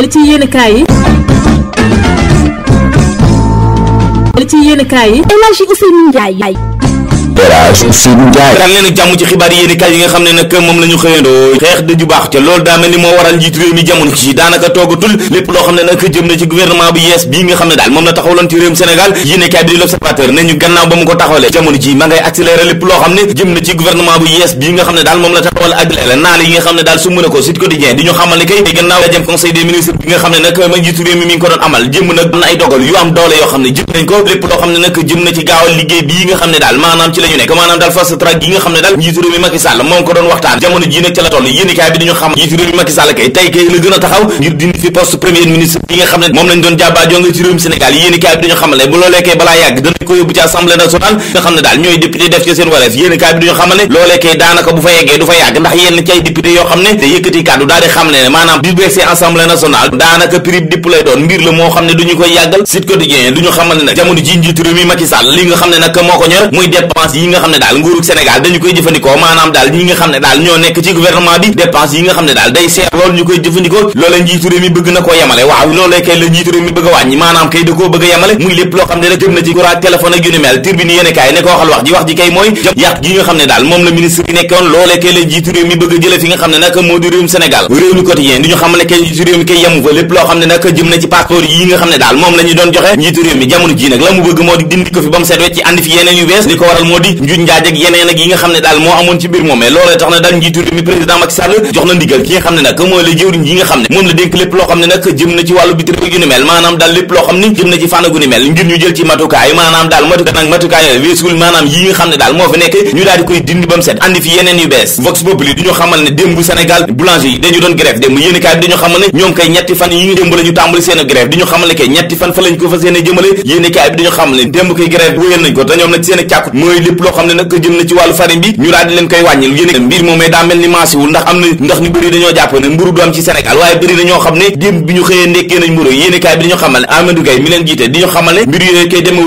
li ci yenn kaay yi li ci yenn yi El Hadji Ousseynou Elhadji Ousseynou Ndiaye dal leenu jàmm ci xibaar yéeni kay jamono ci daanaka bu yees bii nga xam ne daal moom la taxawaloon ci réewum Sénégal la yi nga xam ne daal su mën ko Sud Quotidien di ñu xamal ne kay gannaaw jëm nag maanaam ci la nekk maanaam daal fast track ji nga xam ne daal ñooy mi Macky li nga xam ne nag moo ko ñor muy dépense yi nga xam ne daal nguurug Sénégal dañu koy jëfandikoo maanaam daal ñi nga xam ne daal ñoo nekk ci gouvernement bi dépense yi nga xam ne daal da koo bëgg a moom la doon joxe njiitu réew mi jamono ji nag la mu bëgg moo di dindi ko fi ba mu seet wecc ci àndi fi yeneen yu bees li ko waral moo di njuñ njaaj ak yeneen ak yi nga xam ne daal moo amoon ci mbir moomee loolee tax na daal njiitu réew mi président Macky Sall jox na ndigal ki nga xam ne nag mooy la jëwriñ yi nga xam ne daal moo fi nekk ñu daal di koy dindi ba set andi fi yeneen yu bees vox populi du ñu xamal ne démb Sénégal boulanger dañu doon grève démb yéen bi dañu xamal ne ñoom kay ñetti fan yi démb la ñu tàmbali seen grève di ñu xamal ne kay fa lañ jëmale yéen bi lépp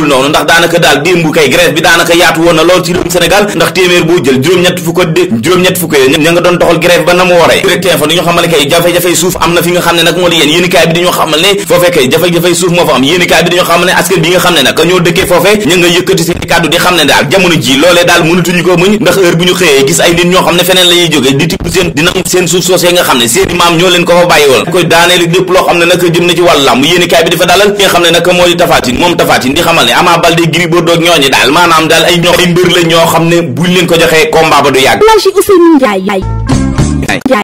loo ndax daanaka daal démb kay grève bi daanaka yaatu woon na lool ci réewum Sénégal ndax téeméer boo jël juróom-ñett fukk juróom-ñett fukk ña nga doon doxal grève ba na mu waree directeur fa dañoo xamal ne kay jafe jafe suuf moo fa am yéene bi dañoo xamal ne askan bi nga xam ne nag ñoo dëkkee foofee ña yëkkati seen kàddu di xam ne daal jamono ji loolee daal mënatuñu ko muñ ndax heure bu ñu xëyee gis ay nit ñoo xam ne feneen la ñuy di tibb seen dina am seen suuf soosee nga xam ne seeni maam ñoo leen ko fa bàyyi woon koy daaneeli lépp loo xam ne nag jëm na ci wàllu làmb yéene kaay bi dafa dalal li xam ne nag moo tafaatin moom tafaatin di xamal ne Ama Baldé Gris Bordeaux ak daal maanaam daal ay ñoo ay mbër la ñoo xam ne buñ leen ko joxee combat ba du yàgg